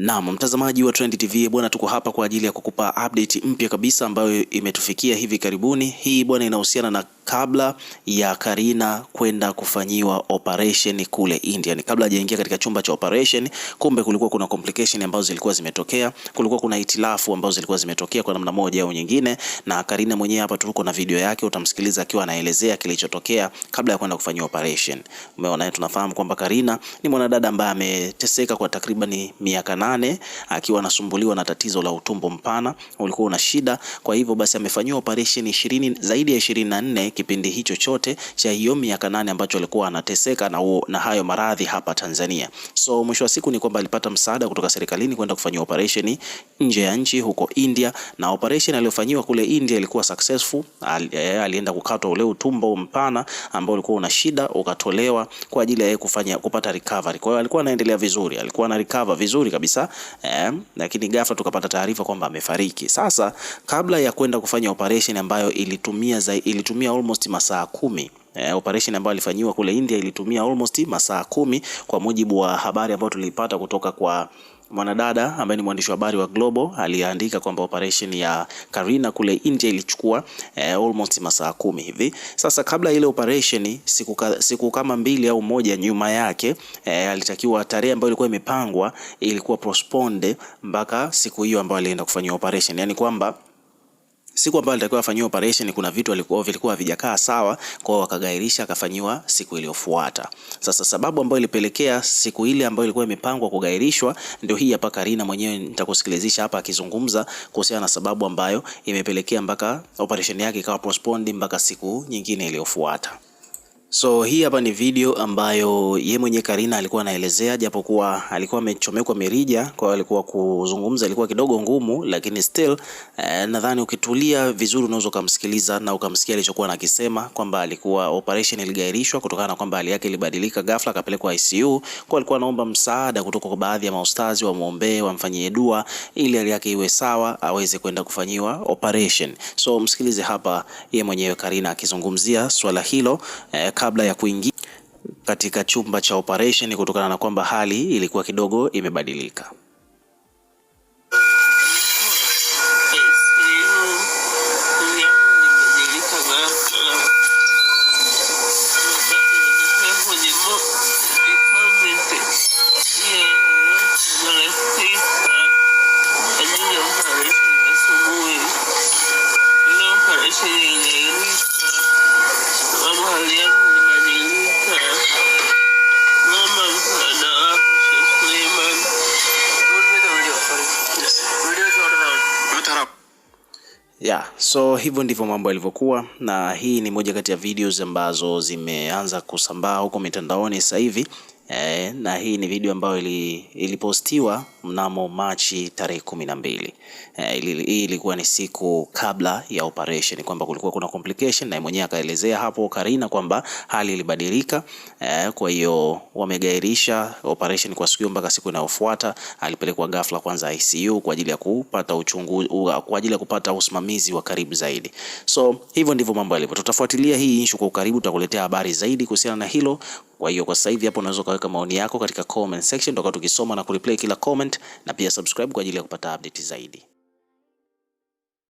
Naam, mtazamaji wa Trend TV bwana, tuko hapa kwa ajili ya kukupa update mpya kabisa ambayo imetufikia hivi karibuni. Hii bwana inahusiana na kabla ya Karina kwenda kufanyiwa operation kule India. Ni kabla hajaingia katika chumba cha operation, kumbe kulikuwa kuna complication ambazo zilikuwa zimetokea, kulikuwa kuna itilafu ambazo zilikuwa zimetokea kwa namna moja au nyingine, na Karina mwenyewe hapa tuko na video yake, utamsikiliza akiwa anaelezea kilichotokea kabla ya kwenda kufanyiwa operation. Umeona, tunafahamu kwamba Karina ni mwanadada ambaye ameteseka kwa takriban miaka nane akiwa anasumbuliwa na tatizo la utumbo mpana, ulikuwa una shida. Kwa hivyo basi amefanyiwa operation 20 zaidi ya 24 kipindi hicho chote cha hiyo miaka nane ambacho alikuwa anateseka na, u, na hayo maradhi hapa Tanzania. So mwisho wa siku ni kwamba alipata msaada kutoka serikalini kwenda kufanyia operation nje ya nchi huko India, na operation aliyofanyiwa kule India ilikuwa successful. Al, e, alienda kukatwa ule utumbo mpana ambao ulikuwa una shida ukatolewa kwa ajili ya kufanya kupata recovery. Kwa hiyo alikuwa anaendelea vizuri, alikuwa ana recover vizuri kabisa eh, lakini ghafla tukapata taarifa kwamba amefariki. Sasa kabla ya kwenda kufanya operation ambayo ilitumia za, ilitumia almost almost masaa kumi. Eh, operation ambayo ilifanyiwa kule India ilitumia almost masaa kumi kwa mujibu wa habari ambayo tulipata kutoka kwa mwanadada ambaye ni mwandishi wa habari wa Global aliandika kwamba operation ya Karina kule India ilichukua eh, almost masaa kumi hivi. Sasa kabla ile operation siku, ka, siku kama mbili au moja nyuma yake eh, alitakiwa tarehe ambayo ilikuwa imepangwa ilikuwa postponed mpaka siku hiyo ambayo alienda kufanyia operation, yani kwamba siku ambayo alitakiwa afanyiwe operation kuna vitu alikuwa vilikuwa havijakaa sawa, kwa hiyo akagairisha akafanyiwa siku iliyofuata. Sasa sababu ambayo ilipelekea siku ile ambayo ilikuwa imepangwa kugairishwa ndio hii hapa. Karina mwenyewe nitakusikilizisha hapa akizungumza kuhusiana na sababu ambayo imepelekea mpaka operation yake ikawa postponed mpaka siku nyingine iliyofuata. So hii hapa ni video ambayo ye mwenye Karina alikuwa anaelezea, japokuwa alikuwa amechomekwa mirija, kwa alikuwa kuzungumza ilikuwa kidogo ngumu, lakini still eh, nadhani ukitulia vizuri unaweza ukamsikiliza na ukamsikia alichokuwa anakisema kwamba alikuwa operation iligairishwa kutokana na kwamba hali yake ilibadilika ghafla, akapelekwa ICU, kwa alikuwa anaomba msaada kutoka kwa baadhi ya maustazi wamwombee, wamfanyie dua ili hali yake iwe sawa, aweze kwenda kufanyiwa operation. So msikilize hapa ye mwenyewe Karina akizungumzia swala hilo eh, kabla ya kuingia katika chumba cha operation kutokana na kwamba hali ilikuwa kidogo imebadilika. Yeah, so hivyo ndivyo mambo yalivyokuwa, na hii ni moja kati ya videos ambazo zimeanza kusambaa huko mitandaoni sasa hivi eh, na hii ni video ambayo ilipostiwa ili mnamo Machi tarehe kumi na mbili. Eh, hii ilikuwa ni siku kabla ya operation, kwamba kulikuwa kuna complication, na mwenyewe akaelezea hapo Karina kwamba hali ilibadilika. e, Kwa hiyo wamegairisha operation kwa siku mpaka siku inayofuata. Alipelekwa ghafla kwanza ICU kwa ajili ya kupata uchunguzi, kwa ajili ya kupata usimamizi wa karibu zaidi. So hivyo ndivyo mambo yalivyo. Tutafuatilia hii issue kwa ukaribu, tutakuletea habari zaidi kuhusiana na hilo. Kwa hiyo kwa sasa hivi hapo unaweza ukaweka maoni yako katika comment section, tutakuwa tukisoma na kureplay kila comment na pia subscribe kwa ajili ya kupata update zaidi.